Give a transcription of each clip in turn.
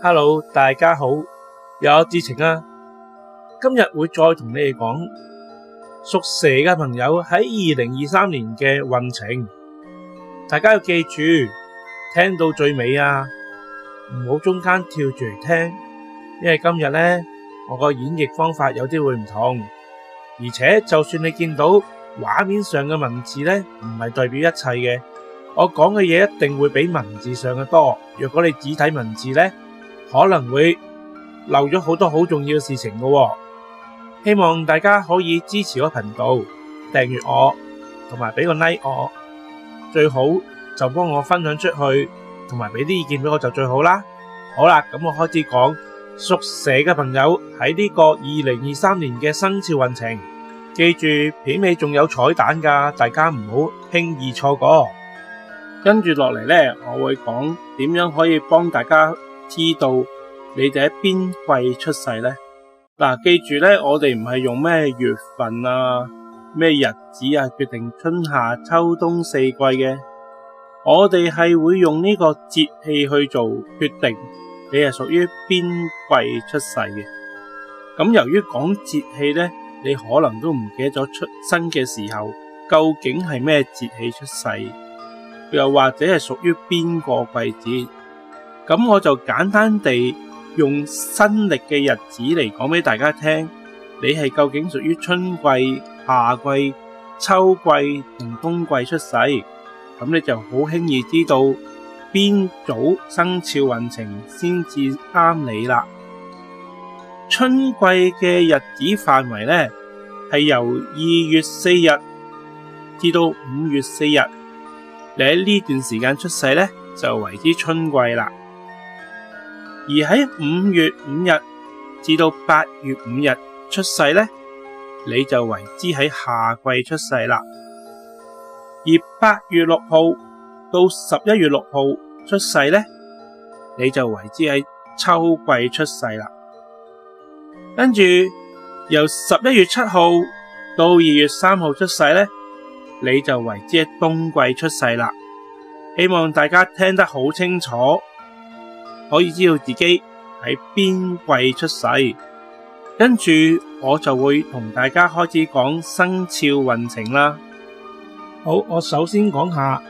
Hello，大家好，又有智澄啊！今日會再同你哋講屬蛇嘅朋友喺二零二三年嘅運程。大家要記住聽到最尾啊，唔好中間跳住嚟聽，因為今日咧我個演繹方法有啲會唔同，而且就算你見到畫面上嘅文字咧，唔係代表一切嘅，我講嘅嘢一定會比文字上嘅多。若果你只睇文字咧，可能會漏咗好多好重要的事情㗎喎，希望大家可以支持我頻道，訂閱我，同埋俾個 like 我，最好就幫我分享出去，同埋俾啲意見俾我就最好啦。好啦，咁我開始講屬蛇嘅朋友喺呢個二零二三年嘅生肖運程，記住片尾仲有彩蛋㗎，大家唔好輕易錯過。跟住落嚟呢，我會講點樣可以幫大家。知道你哋喺邊季出世呢？嗱、啊，記住呢，我哋唔係用咩月份啊、咩日子啊決定春夏秋冬四季嘅，我哋係會用呢個節氣去做決定，你係屬於邊季出世嘅。咁、嗯、由於講節氣呢，你可能都唔記得咗出生嘅時候究竟係咩節氣出世，又或者係屬於邊個季節。咁我就簡單地用新曆嘅日子嚟講俾大家聽，你係究竟屬於春季、夏季、秋季同冬季出世，咁你就好輕易知道邊組生肖運程先至啱你啦。春季嘅日子範圍咧係由二月四日至到五月四日，你喺呢段時間出世咧就為之春季啦。而喺五月五日至到八月五日出世咧，你就為之喺夏季出世啦。而八月六號到十一月六號出世咧，你就為之喺秋季出世啦。跟住由十一月七號到二月三號出世咧，你就為之喺冬季出世啦。希望大家聽得好清楚。可以知道自己喺邊季出世，跟住我就會同大家開始講生肖運程啦。好，我首先講下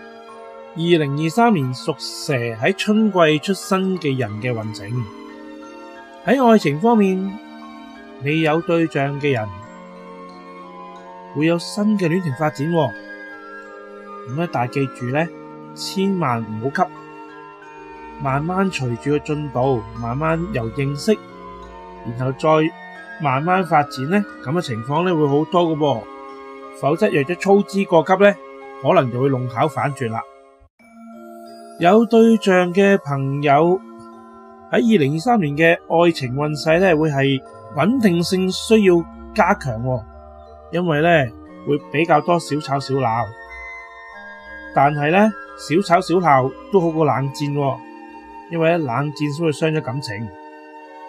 二零二三年屬蛇喺春季出生嘅人嘅運程。喺愛情方面，你有對象嘅人會有新嘅戀情發展，咁咧，但係記住呢，千萬唔好急。慢慢隨住個進步，慢慢由認識，然後再慢慢發展呢咁嘅情況咧會好多嘅噃。否則若果操之過急呢，可能就會弄巧反拙啦。有對象嘅朋友喺二零二三年嘅愛情運勢呢，會係穩定性需要加強喎，因為呢會比較多小吵小鬧，但係呢，小吵小鬧都好過冷戰喎。因為咧冷戰先會傷咗感情，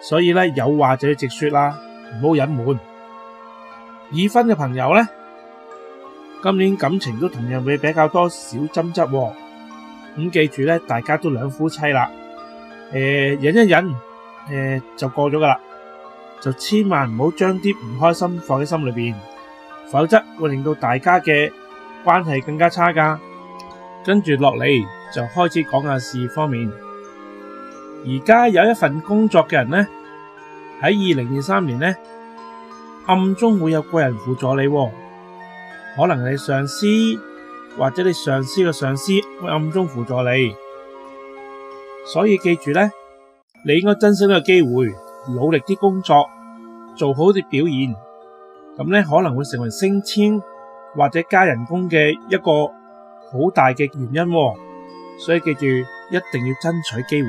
所以咧有話就要直說啦，唔好隱瞞。已婚嘅朋友咧，今年感情都同樣會比較多少爭執，咁記住咧，大家都兩夫妻啦，誒忍一忍，誒就過咗噶啦，就千萬唔好將啲唔開心放喺心裏面，否則會令到大家嘅關係更加差噶。跟住落嚟就開始講下事業方面。而家有一份工作嘅人咧，喺二零二三年咧，暗中會有貴人輔助你，可能你上司或者你上司嘅上司會暗中輔助你。所以記住咧，你應該珍惜呢個機會，努力啲工作，做好啲表現，咁咧可能會成為升遷或者加人工嘅一個好大嘅原因。所以記住，一定要爭取機會。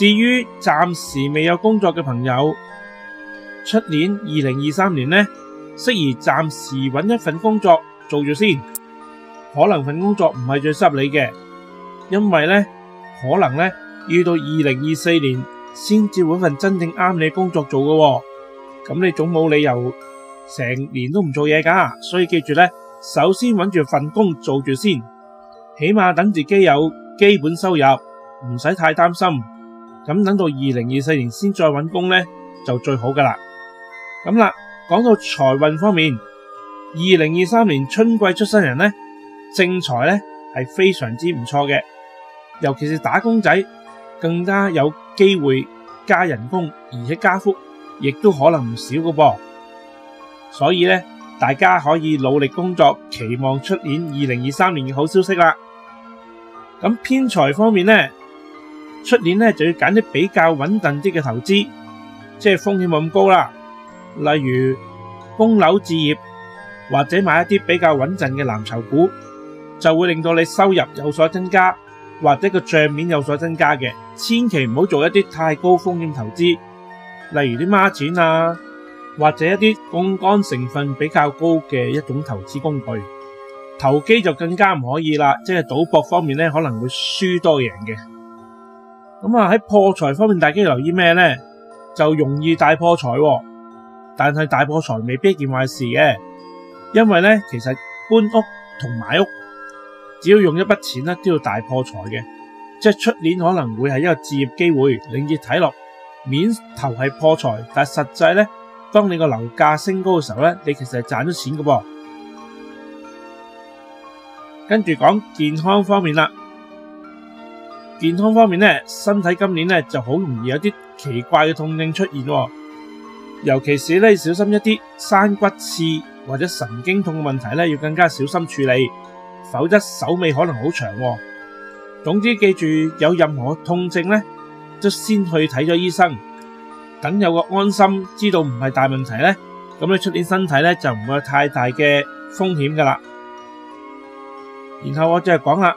至於暫時未有工作嘅朋友，出年二零二三年呢，適宜暫時揾一份工作做住先。可能份工作唔係最適合你嘅，因為呢可能呢要到二零二四年先至揾份真正啱你工作做嘅喎，咁你總冇理由成年都唔做嘢噶啊。所以記住呢，首先揾住份工做住先，起碼等自己有基本收入，唔使太擔心。咁等到二零二四年先再揾工咧，就最好噶啦。咁啦，講到財運方面，二零二三年春季出生人咧，正財咧係非常之唔錯嘅，尤其是打工仔更加有機會加人工，而且加幅，亦都可能唔少噶噃。所以咧，大家可以努力工作，期望出年二零二三年嘅好消息啦。咁偏財方面咧？出年咧就要揀啲比較穩陣啲嘅投資，即係風險冇咁高啦。例如供樓置業，或者買一啲比較穩陣嘅藍籌股，就會令到你收入有所增加，或者個賬面有所增加嘅。千祈唔好做一啲太高風險投資，例如啲孖展啊，或者一啲槓桿成分比較高嘅一種投資工具。投機就更加唔可以啦，即係賭博方面咧可能會輸多贏嘅。咁啊喺破財方面，大家要留意咩咧？就容易大破財喎，但係大破財未必一件壞事嘅，因為咧，其實搬屋同買屋，只要用一筆錢咧，都要大破財嘅，即係出年可能會係一個置業機會，令你睇落面頭係破財，但係實際咧，當你個樓價升高嘅時候咧，你其實係賺咗錢嘅噃。跟住講健康方面啦。健康方面呢，身體今年呢就好容易有啲奇怪嘅痛症出現，尤其是呢，小心一啲，生骨刺或者神經痛嘅問題呢，要更加小心處理，否則手尾可能好長。總之記住，有任何痛症呢，就先去睇咗醫生，等有個安心，知道唔係大問題咧，咁你出年身體呢，就唔會有太大嘅風險噶啦。然後我再講啦。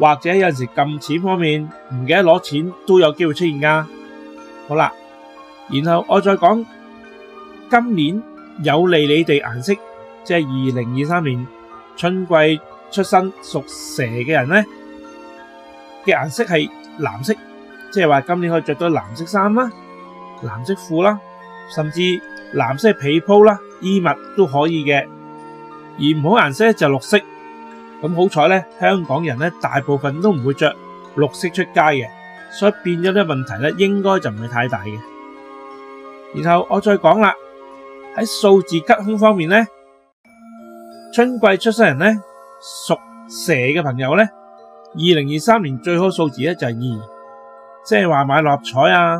或者有陣時撳錢方面唔記得攞錢都有機會出現㗎。好啦，然後我再講今年有利你哋顏色，即係二零二三年春季出生屬蛇嘅人呢嘅顏色係藍色，即係話今年可以着到藍色衫啦、藍色褲啦，甚至藍色被鋪啦、衣物都可以嘅。而唔好顏色就係綠色。咁好彩咧，香港人咧大部分都唔會着綠色出街嘅，所以變咗啲問題咧應該就唔係太大嘅。然後我再講啦，喺數字吉凶方面咧，春季出生人咧屬蛇嘅朋友咧，二零二三年最好數字咧就係二，即係話買六合彩啊，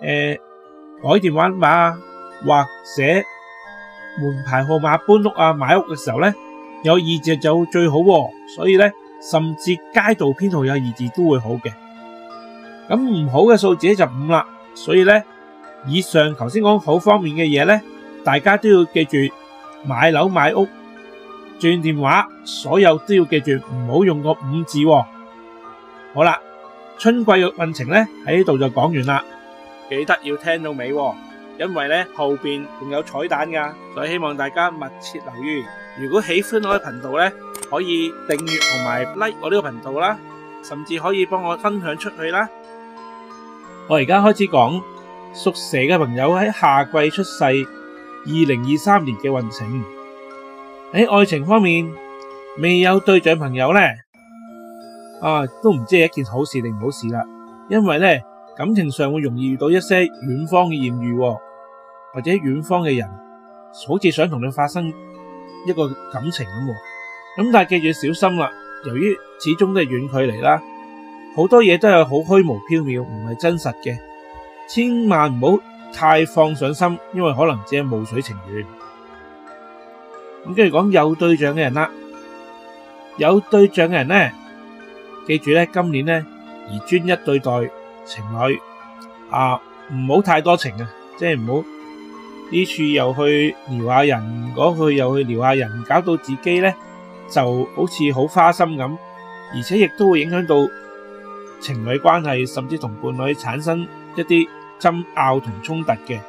誒，改電話碼啊，或者門牌號碼搬屋啊，買屋嘅時候咧。有二字就最好，所以呢，甚至街道編號有二字都會好嘅。咁唔好嘅數字就五啦，所以呢，以上頭先講好方面嘅嘢呢，大家都要記住買樓買屋、轉電話，所有都要記住唔好用個五字。好啦，春季嘅運程呢喺呢度就講完啦，記得要聽到尾，因為呢後邊仲有彩蛋㗎，所以希望大家密切留意。如果喜歡我嘅頻道咧，可以訂閱同埋 like 我呢個頻道啦，甚至可以幫我分享出去啦。我而家開始講屬蛇嘅朋友喺夏季出世，二零二三年嘅運程喺愛情方面，未有對象朋友咧，啊都唔知係一件好事定唔好事啦。因為咧，感情上會容易遇到一些遠方嘅艷遇，或者遠方嘅人，好似想同你發生，一個感情咁，咁但係記住小心啦。由於始終都係遠距離啦，好多嘢都係好虛無縹緲，唔係真實嘅，千萬唔好太放上心，因為可能只係露水情緣。咁跟住講有對象嘅人啦，有對象嘅人咧，記住咧，今年咧而專一對待情侶啊，唔好太多情啊，即係唔好。呢處又去撩下人，嗰去又去撩下人，搞到自己咧就好似好花心咁，而且亦都會影響到情侶關係，甚至同伴侶產生一啲爭拗同衝突嘅，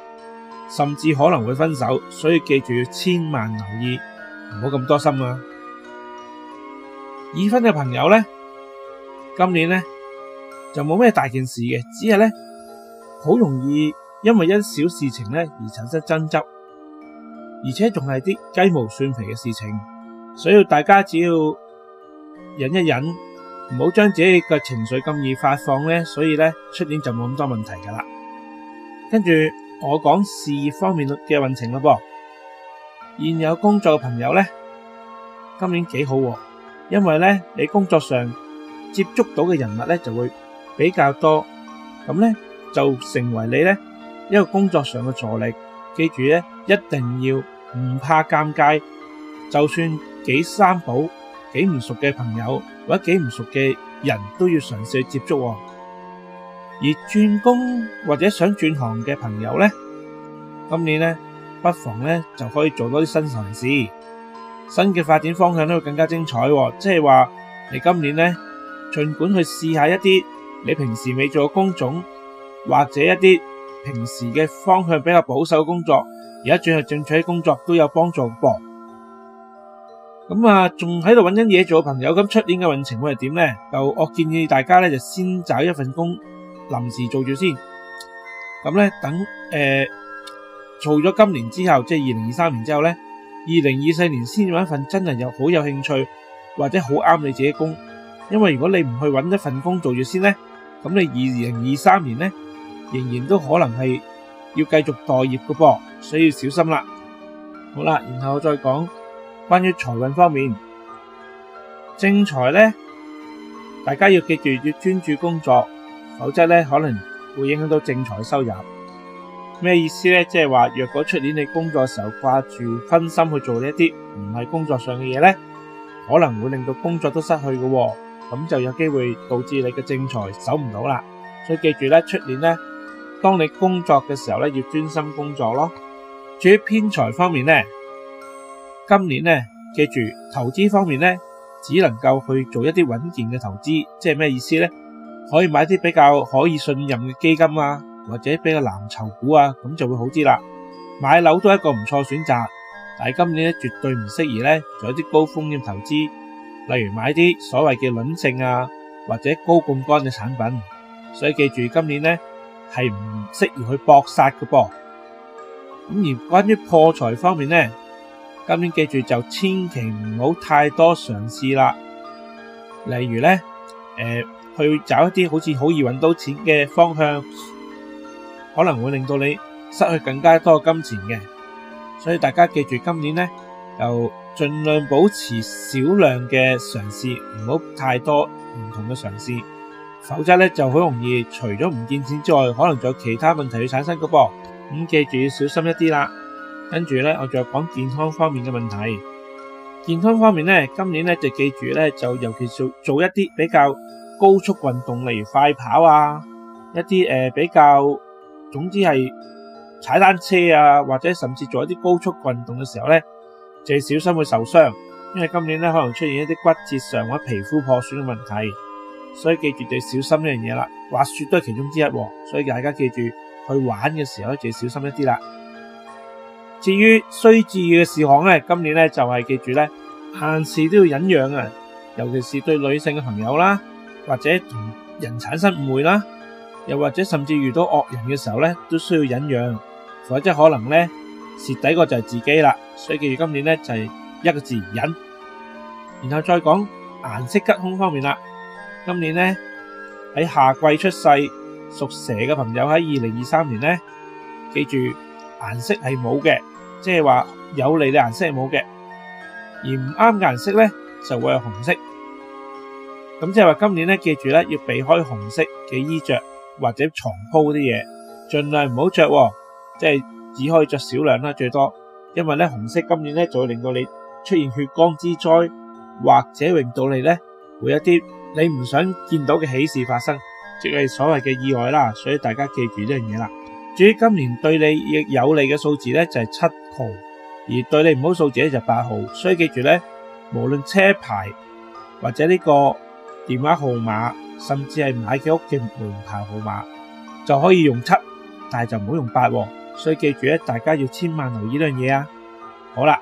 甚至可能會分手。所以記住，千萬留意，唔好咁多心啊！已婚嘅朋友咧，今年咧就冇咩大件事嘅，只係咧好容易。因為因小事情咧而產生爭執，而且仲係啲雞毛蒜皮嘅事情，所以大家只要忍一忍，唔好將自己嘅情緒咁易發放咧，所以咧出年就冇咁多問題噶啦。跟住我講事業方面嘅運程咯噃，現有工作嘅朋友咧，今年幾好喎，因為咧你工作上接觸到嘅人物咧就會比較多，咁咧就成為你咧。一個工作上嘅助力，記住咧，一定要唔怕尷尬，就算幾三寶幾唔熟嘅朋友或者幾唔熟嘅人都要嘗試去接觸。而轉工或者想轉行嘅朋友咧，今年咧不妨咧就可以做多啲新嘗試，新嘅發展方向咧會更加精彩。即係話你今年咧，盡管去試下一啲你平時未做嘅工種，或者一啲。平時嘅方向比較保守，工作而家最後正取嘅工作都有幫助噃。咁、嗯、啊，仲喺度搵緊嘢做，朋友咁，出年嘅運程會係點咧？就我建議大家咧，就先找一份工臨時做住先。咁、嗯、咧，等誒、呃、做咗今年之後，即係二零二三年之後咧，二零二四年先搵份真係有好有興趣或者好啱你自己工。因為如果你唔去搵一份工做住先咧，咁你二零二三年咧。仍然都可能係要繼續待業嘅噃，所以要小心啦。好啦，然後再講關於財運方面，正財咧，大家要記住要專注工作，否則咧可能會影響到正財收入。咩意思咧？即係話若果出年你工作嘅時候掛住分心去做呢一啲唔係工作上嘅嘢咧，可能會令到工作都失去嘅喎，咁就有機會導致你嘅正財守唔到啦。所以記住咧，出年咧。當你工作嘅時候咧，要專心工作咯。至於偏財方面咧，今年咧，記住投資方面咧，只能夠去做一啲穩健嘅投資，即係咩意思咧？可以買啲比較可以信任嘅基金啊，或者比較藍籌股啊，咁就會好啲啦。買樓都係一個唔錯選擇，但係今年咧絕對唔適宜咧做一啲高風險投資，例如買啲所謂嘅輪證啊，或者高槓桿嘅產品。所以記住今年咧。係唔適宜去搏殺嘅噃，咁而關於破財方面咧，今年記住就千祈唔好太多嘗試啦。例如咧，誒去找一啲好似好易搵到錢嘅方向，可能會令到你失去更加多嘅金錢嘅。所以大家記住，今年咧就盡量保持少量嘅嘗試，唔好太多唔同嘅嘗試。否則咧就好容易除咗唔見錢之外，可能仲有其他問題會產生㗎噃。咁、嗯、記住要小心一啲啦。跟住咧，我再講健康方面嘅問題。健康方面咧，今年咧就記住咧，就尤其是做一啲比較高速運動，例如快跑啊，一啲誒、呃、比較，總之係踩單車啊，或者甚至做一啲高速運動嘅時候咧，就小心會受傷，因為今年咧可能出現一啲骨折上或者皮膚破損嘅問題。所以記住就要小心呢樣嘢啦，滑雪都係其中之一，所以大家記住去玩嘅時候就要小心一啲啦。至於需注意嘅事項咧，今年咧就係記住咧凡事都要忍讓啊，尤其是對女性嘅朋友啦，或者同人產生誤會啦，又或者甚至遇到惡人嘅時候咧，都需要忍讓，否則可能咧蝕底個就係自己啦。所以記住今年咧就係一個字忍，然後再講顏色吉凶方面啦。今年咧喺夏季出世屬蛇嘅朋友喺二零二三年咧，記住顏色係冇嘅，即係話有利嘅顏色係冇嘅，而唔啱嘅顏色咧就會係紅色。咁即係話今年咧，記住咧要避開紅色嘅衣着或者床鋪啲嘢，盡量唔好着喎，即係只可以着少量啦，最多。因為咧紅色今年咧就會令到你出現血光之災，或者令到你咧會一啲。你唔想見到嘅喜事發生，即係所謂嘅意外啦，所以大家記住呢樣嘢啦。至於今年對你亦有利嘅數字咧，就係七號，而對你唔好數字呢就係八號，所以記住咧，無論車牌或者呢個電話號碼，甚至係買嘅屋企門牌號碼，就可以用七，但係就唔好用八喎。所以記住咧，大家要千萬留意呢樣嘢啊！好啦，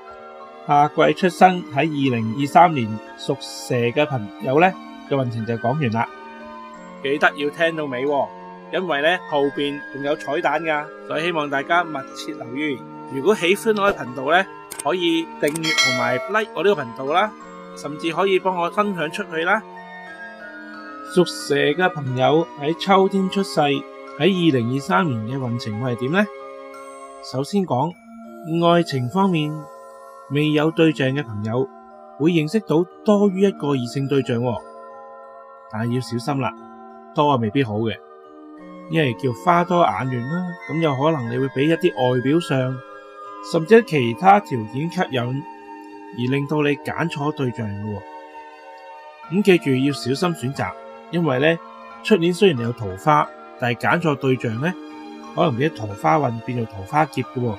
夏季出生喺二零二三年屬蛇嘅朋友咧。嘅運程就講完啦，記得要聽到尾，因為咧後邊仲有彩蛋噶所以希望大家密切留意。如果喜歡我嘅頻道咧，可以訂閱同埋 like 我呢個頻道啦，甚至可以幫我分享出去啦。屬蛇嘅朋友喺秋天出世，喺二零二三年嘅運程會係點咧？首先講愛情方面，未有對象嘅朋友會認識到多於一個異性對象。但係要小心啦，多啊未必好嘅，因為叫花多眼亂啦，咁有可能你會俾一啲外表上，甚至其他條件吸引，而令到你揀錯對象嘅。咁、嗯、記住要小心選擇，因為咧出年雖然你有桃花，但係揀錯對象咧，可能俾桃花運變做桃花劫嘅。咁、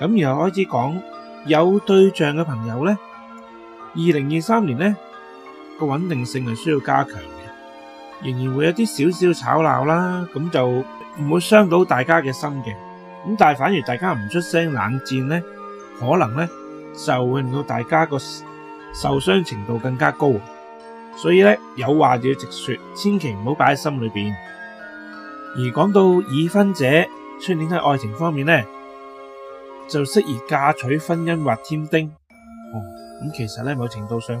嗯、然後開始講有對象嘅朋友咧，二零二三年咧。個穩定性係需要加強嘅，仍然會有啲少少吵鬧啦，咁就唔會傷到大家嘅心嘅。咁但係反而大家唔出聲冷戰咧，可能咧就會令到大家個受傷程度更加高。所以咧有話就要直說，千祈唔好擺喺心裏邊。而講到已婚者，出年喺愛情方面咧就適宜嫁娶婚姻或添丁。哦、嗯，咁、嗯、其實咧某程度上。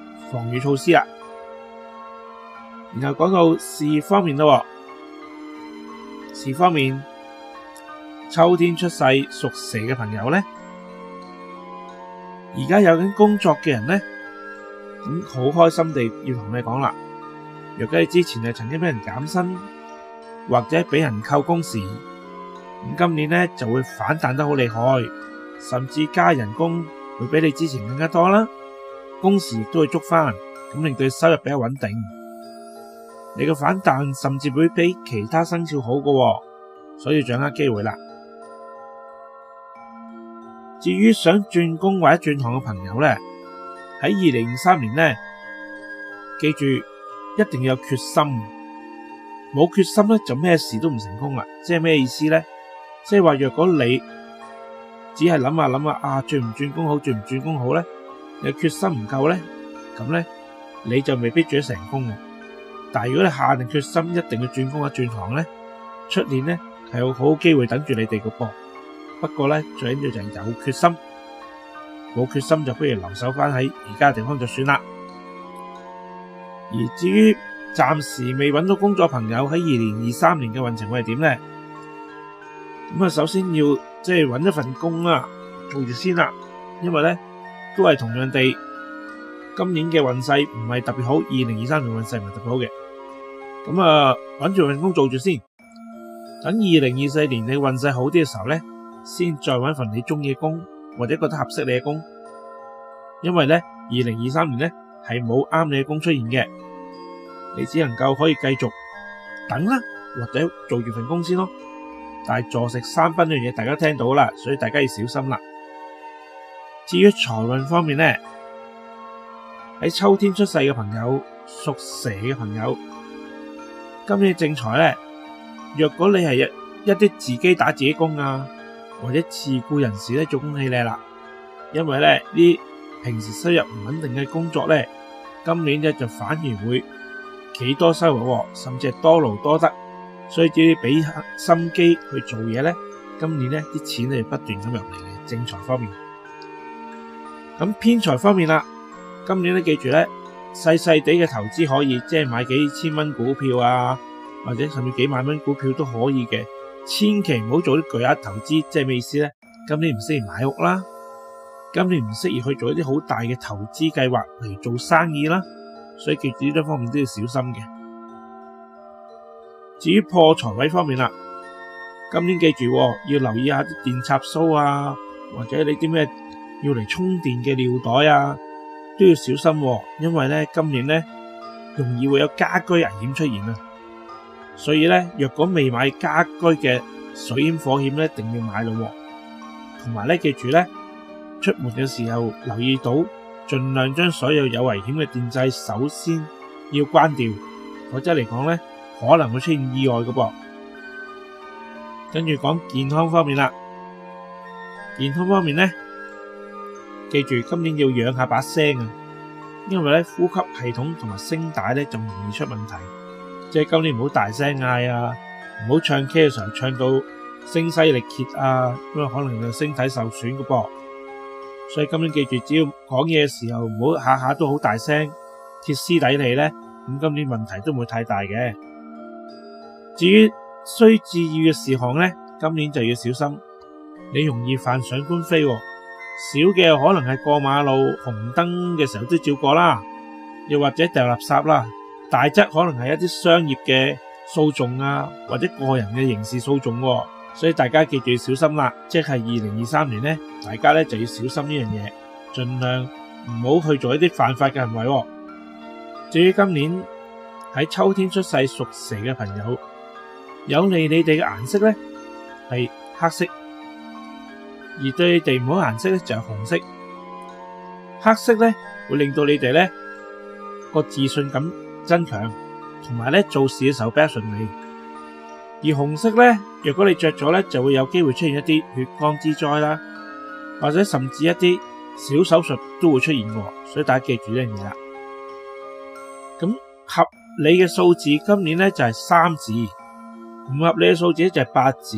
防禦措施啦，然後講到事業方面咯，哦，事業方面，秋天出世屬蛇嘅朋友咧，而家有緊工作嘅人咧，咁、嗯、好開心地要同你講啦，若果你之前係曾經俾人減薪或者俾人扣工時，咁、嗯、今年咧就會反彈得好厲害，甚至加人工會比你之前更加多啦。工時亦都可捉翻，咁令到收入比較穩定。你嘅反彈甚至會比其他生肖好嘅，所以要掌握機會啦。至於想轉工或者轉行嘅朋友咧，喺二零二三年咧，記住一定要有決心，冇決心咧就咩事都唔成功啦。即係咩意思咧？即係話若果你只係諗下諗下啊，轉唔轉工好，轉唔轉工好咧？你決心唔夠咧，咁咧你就未必做得成功嘅。但係如果你下定決心一定要轉工啊轉行咧，出年咧係有好機會等住你哋個噃。不過咧最緊要就係有決心，冇決心就不如留守翻喺而家嘅地方就算啦。而至於暫時未揾到工作嘅朋友喺二年二三年嘅運程係點咧？咁啊，首先要即係揾一份工啊，做住先啦，因為咧。都係同樣地，今年嘅運勢唔係特別好，二零二三年運勢唔係特別好嘅。咁啊，揾住份工做住先，等二零二四年你運勢好啲嘅時候咧，先再揾份你鍾意嘅工或者覺得合適你嘅工。因為咧，二零二三年咧係冇啱你嘅工出現嘅，你只能夠可以繼續等啦，或者做住份工先咯。但係坐食山崩呢樣嘢，大家聽到啦，所以大家要小心啦。至於財運方面呢？喺秋天出世嘅朋友，屬蛇嘅朋友，今年正財呢？若果你係一啲自己打自己工啊，或者自僱人士咧，就恭喜你啦！因為呢啲平時收入唔穩定嘅工作呢，今年呢就反而會幾多收穫，甚至係多勞多得。所以只要你俾心機去做嘢呢，今年呢啲錢呢就不斷咁入嚟嘅，正財方面。咁、嗯、偏財方面啦，今年都記住咧，細細地嘅投資可以，即係買幾千蚊股票啊，或者甚至幾萬蚊股票都可以嘅，千祈唔好做啲巨額投資，即係咩意思咧，今年唔適宜買屋啦，今年唔適宜去做一啲好大嘅投資計劃嚟做生意啦，所以記住呢啲方面都要小心嘅。至於破財位方面啦，今年記住要留意下啲電插蘇啊，或者你啲咩？用嚟充電嘅尿袋啊，都要小心，因為咧今年咧容易會有家居危險出現啊，所以咧若果未買家居嘅水險火險咧，一定要買咯，同埋咧記住咧出門嘅時候留意到，盡量將所有有危險嘅電掣首先要關掉，否則嚟講咧可能會出現意外嘅噃，跟住講健康方面啦，健康方面咧。記住今年要養下把聲啊，因為咧呼吸系統同埋聲帶咧就容易出問題，即係今年唔好大聲嗌啊，唔好唱 K 嘅時候唱到聲嘶力竭啊，咁樣可能就聲帶受損噶噃，所以今年記住只要講嘢嘅時候唔好下下都好大聲，歇斯底里咧，咁今年問題都唔會太大嘅。至於需注意嘅事項咧，今年就要小心，你容易犯上官非喎。少嘅可能係過馬路紅燈嘅時候都照過啦，又或者掉垃圾啦。大則可能係一啲商業嘅訴訟啊，或者個人嘅刑事訴訟啊。所以大家記住要小心啦，即係二零二三年呢，大家呢就要小心呢樣嘢，盡量唔好去做一啲犯法嘅行為啊。至於今年喺秋天出世屬蛇嘅朋友，有利你哋嘅顏色呢？係黑色。而對你哋唔好顏色咧就係紅色，黑色咧會令到你哋咧個自信感增強，同埋咧做事嘅時候比較順利。而紅色咧，若果你着咗咧，就會有機會出現一啲血光之災啦，或者甚至一啲小手術都會出現嘅，所以大家記住呢樣嘢啦。咁合理嘅數字今年咧就係三字，唔合理嘅數字咧就係八字。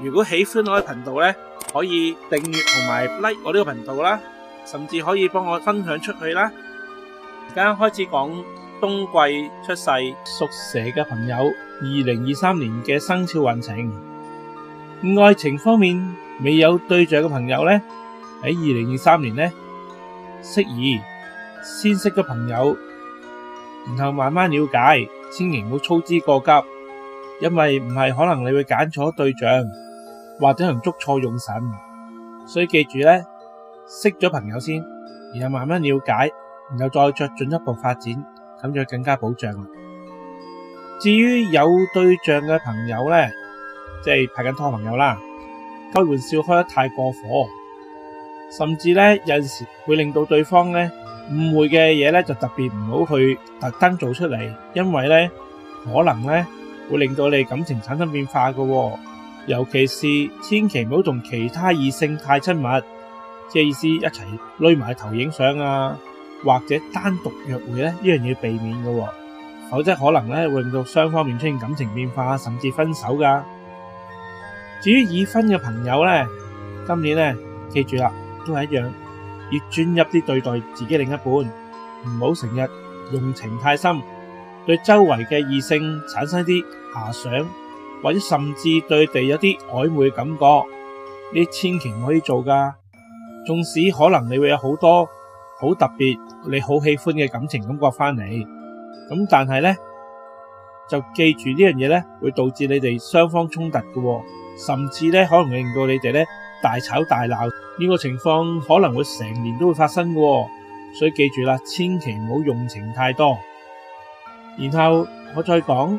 如果喜歡我嘅頻道呢，可以訂閱同埋 like 我呢個頻道啦，甚至可以幫我分享出去啦。而家開始講冬季出世屬蛇嘅朋友，二零二三年嘅生肖運程。愛情方面，未有對象嘅朋友呢，喺二零二三年呢，適宜先識嘅朋友，然後慢慢了解，千祈唔好操之過急。因為唔係，可能你會揀錯對象，或者係捉錯用神，所以記住咧，識咗朋友先，然後慢慢了解，然後再作進一步發展，咁就更加保障。至於有對象嘅朋友呢，即係拍緊拖嘅朋友啦，開玩笑開得太過火，甚至呢，有陣時會令到對方呢，誤會嘅嘢咧，就特別唔好去特登做出嚟，因為呢，可能呢。會令到你感情產生變化噶喎，尤其是千祈唔好同其他異性太親密，即係意思一齊攞埋頭影相啊，或者單獨約會咧，呢樣嘢避免噶喎，否則可能咧會令到雙方面出現感情變化，甚至分手噶。至於已婚嘅朋友咧，今年咧，記住啦，都係一樣，要專一啲對待自己另一半，唔好成日用情太深，對周圍嘅異性產生啲。遐想，或者甚至對地有啲曖昧嘅感覺，你千祈唔可以做噶。縱使可能你會有好多好特別、你好喜歡嘅感情感覺翻嚟，咁但係咧就記住呢樣嘢咧，會導致你哋雙方衝突嘅，甚至咧可能會令到你哋咧大吵大鬧。呢個情況可能會成年都會發生嘅，所以記住啦，千祈唔好用情太多。然後我再講。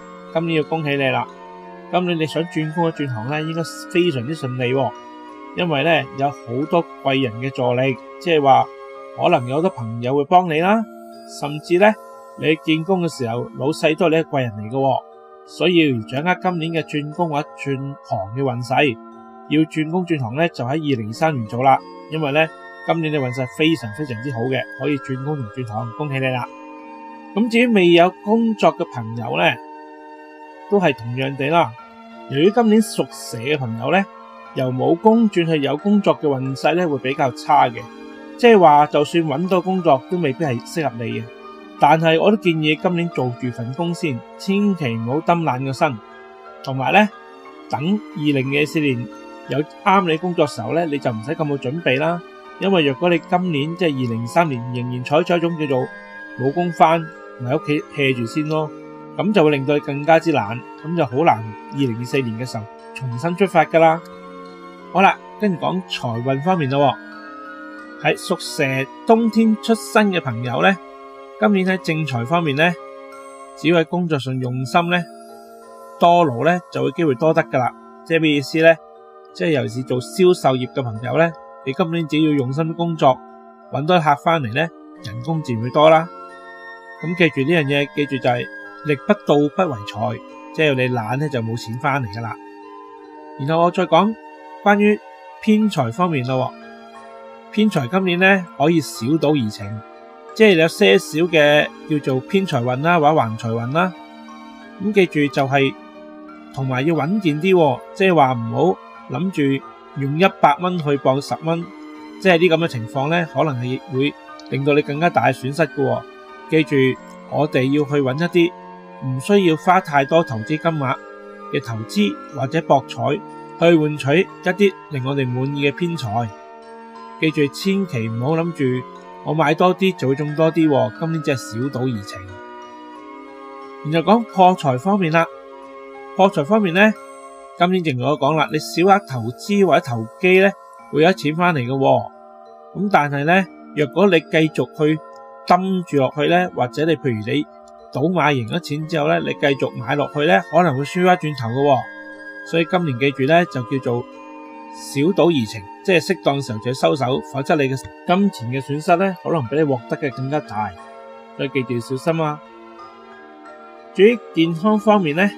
今年要恭喜你啦！今年你想轉工啊轉行咧，應該非常之順利，因為咧有好多貴人嘅助力，即係話可能有好多朋友會幫你啦，甚至咧你見工嘅時候，老細都係你嘅貴人嚟嘅，所以要掌握今年嘅轉工或轉行嘅運勢。要轉工轉行咧，就喺二零二三年做啦，因為咧今年嘅運勢非常非常之好嘅，可以轉工同轉行，恭喜你啦！咁至於未有工作嘅朋友咧。都係同樣地啦。由於今年屬蛇嘅朋友咧，由冇工轉去有工作嘅運勢咧會比較差嘅，即係話就算揾到工作都未必係適合你嘅。但係我都建議今年做住份工先，千祈唔好揼爛個身。同埋咧，等二零二四年有啱你工作嘅時候咧，你就唔使咁冇準備啦。因為若果你今年即係二零二三年仍然採取一種叫做冇工返，咪喺屋企歇住先咯。咁就會令到你更加之懶，咁就好難。二零二四年嘅時候重新出發噶啦。好啦，跟住講財運方面啦。喺屬蛇冬天出生嘅朋友咧，今年喺正財方面咧，只要喺工作上用心咧，多勞咧就會機會多得噶啦。即係咩意思咧？即係尤其是做銷售業嘅朋友咧，你今年只要用心工作，搵多一客翻嚟咧，人工自然會多啦。咁記住呢樣嘢，記住就係。力不到不為財，即係你懶咧就冇錢返嚟噶啦。然後我再講關於偏財方面咯，偏財今年咧可以小賭怡情，即係有些少嘅叫做偏財運啦或者橫財運啦。咁記住就係、是、同埋要穩健啲，即係話唔好諗住用一百蚊去搏十蚊，即係啲咁嘅情況咧，可能係會令到你更加大嘅損失噶。記住我哋要去揾一啲。唔需要花太多投資金額嘅投資或者博彩去換取一啲令我哋滿意嘅偏財。記住，千祈唔好諗住我買多啲就會中多啲。今年只係小賭怡情。然後講破財方面啦，破財方面咧，今年正如我講啦，你小額投資或者投機咧會有錢翻嚟嘅。咁但係咧，若果你繼續去掲住落去咧，或者你譬如你。賭馬贏咗錢之後咧，你繼續買落去咧，可能會輸翻轉頭噶。所以今年記住咧，就叫做小賭怡情，即係適當嘅時候就要收手，否則你嘅金錢嘅損失咧，可能比你獲得嘅更加大。所以記住要小心啊。至於健康方面咧，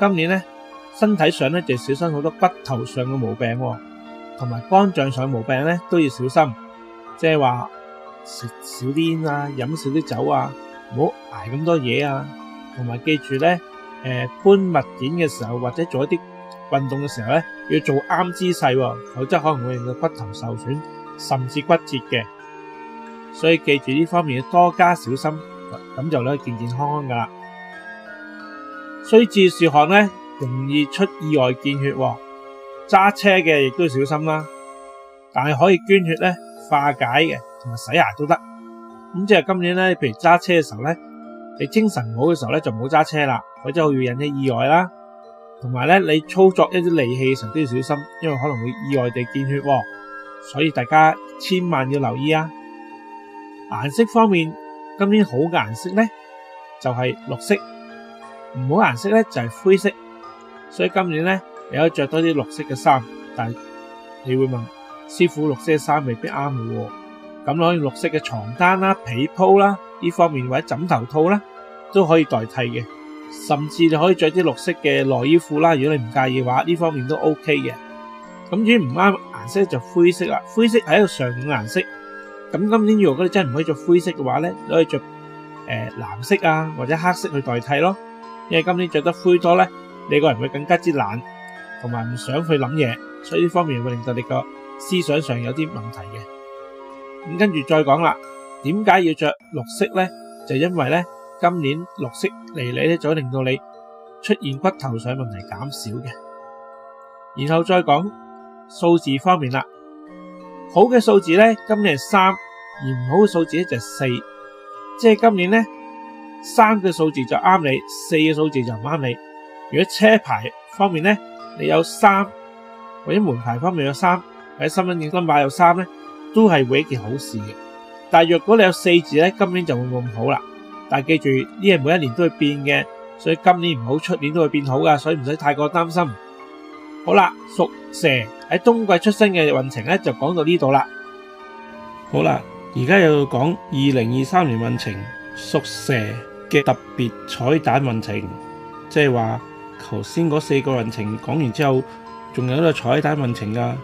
今年咧身體上咧就要小心好多骨頭上嘅毛病，同埋肝臟上嘅毛病咧都要小心，即係話食少啲煙啊，飲少啲酒啊。唔好捱咁多嘢啊，同埋記住咧，誒搬物件嘅時候或者做一啲運動嘅時候咧，要做啱姿勢喎，否則可能會令到骨頭受損，甚至骨折嘅。所以記住呢方面要多加小心，咁就咧健健康康㗎喇。需注事項咧，容易出意外見血喎，揸車嘅亦都要小心啦。但係可以捐血咧，化解嘅同埋洗牙都得。咁即係今年咧，譬如揸車嘅時候咧，你精神唔好嘅時候咧，就唔好揸車啦，或者會引起意外啦。同埋咧，你操作一啲利器嘅時候都要小心，因為可能會意外地見血，所以大家千萬要留意啊。顏色方面，今年好嘅顏色咧就係綠色，唔好嘅顏色咧就係灰色，所以今年咧你可以着多啲綠色嘅衫，但係你會問師傅，綠色嘅衫未必啱你喎。咁可以用綠色嘅床單啦、被鋪啦，呢方面或者枕頭套啦都可以代替嘅，甚至你可以着啲綠色嘅內衣褲啦，如果你唔介意嘅話呢方面都 OK 嘅。咁如果唔啱顏色就灰色啦，灰色係一個常用顏色。咁今年如果你真係唔可以着灰色嘅話咧，你可以着誒藍色啊或者黑色去代替咯，因為今年着得灰多咧，你個人會更加之懶，同埋唔想去諗嘢，所以呢方面會令到你個思想上有啲問題嘅。咁跟住再講啦，點解要着綠色咧？就因為咧，今年綠色嚟嚟咧，就令到你出現骨頭上問題減少嘅。然後再講數字方面啦，好嘅數字咧，今年係三，而唔好嘅數字咧就係四，即係今年咧，三嘅數字就啱你，四嘅數字就唔啱你。如果車牌方面咧，你有三，或者門牌方面有三，喺身份證 number 有三咧。都係會一件好事嘅，但係若果你有四字咧，今年就會冇咁好啦。但係記住呢，係每一年都會變嘅，所以今年唔好出年都會變好噶，所以唔使太過擔心。好啦，屬蛇喺冬季出生嘅運程咧，就講到呢度啦。好啦，而家又要講二零二三年運程，屬蛇嘅特別彩蛋運程，即係話頭先嗰四個運程講完之後，仲有一個彩蛋運程噶，呢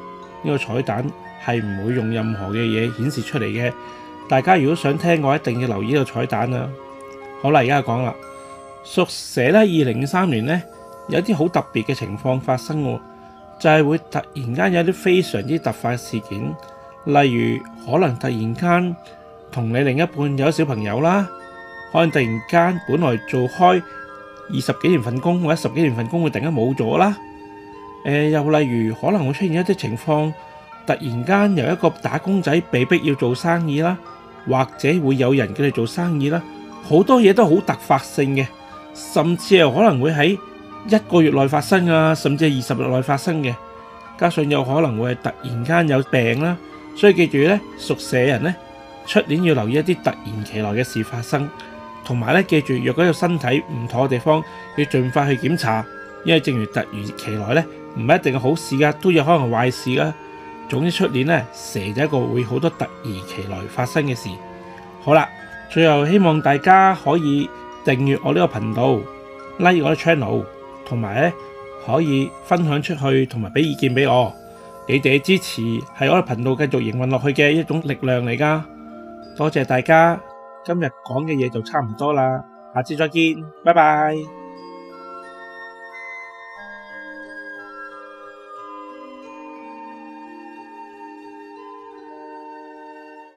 個彩蛋。係唔會用任何嘅嘢顯示出嚟嘅。大家如果想聽嘅話，我一定要留意呢個彩蛋啦。好啦，而家講啦，屬蛇咧，二零二三年呢，有啲好特別嘅情況發生，就係會突然間有啲非常之突發事件，例如可能突然間同你另一半有小朋友啦，可能突然間本來做開二十幾年份工或者十幾年份工會突然間冇咗啦。誒、呃，又例如可能會出現一啲情況。突然間有一個打工仔被逼要做生意啦，或者會有人叫你做生意啦，好多嘢都好突發性嘅，甚至係可能會喺一個月內發生啊，甚至係二十日內發生嘅。加上有可能會係突然間有病啦，所以記住咧，屬蛇人咧出年要留意一啲突然其來嘅事發生，同埋咧記住，若果有身體唔妥嘅地方，要盡快去檢查，因為正如突如其來咧，唔係一定係好事噶，都有可能係壞事噶。總之出年咧蛇仔一個會好多突如其來發生嘅事。好啦，最後希望大家可以訂閱我呢個頻道 like 我嘅 channel，同埋咧可以分享出去，同埋俾意見俾我。你哋嘅支持係我哋頻道繼續營運落去嘅一種力量嚟噶。多謝大家，今日講嘅嘢就差唔多啦，下次再見，拜拜。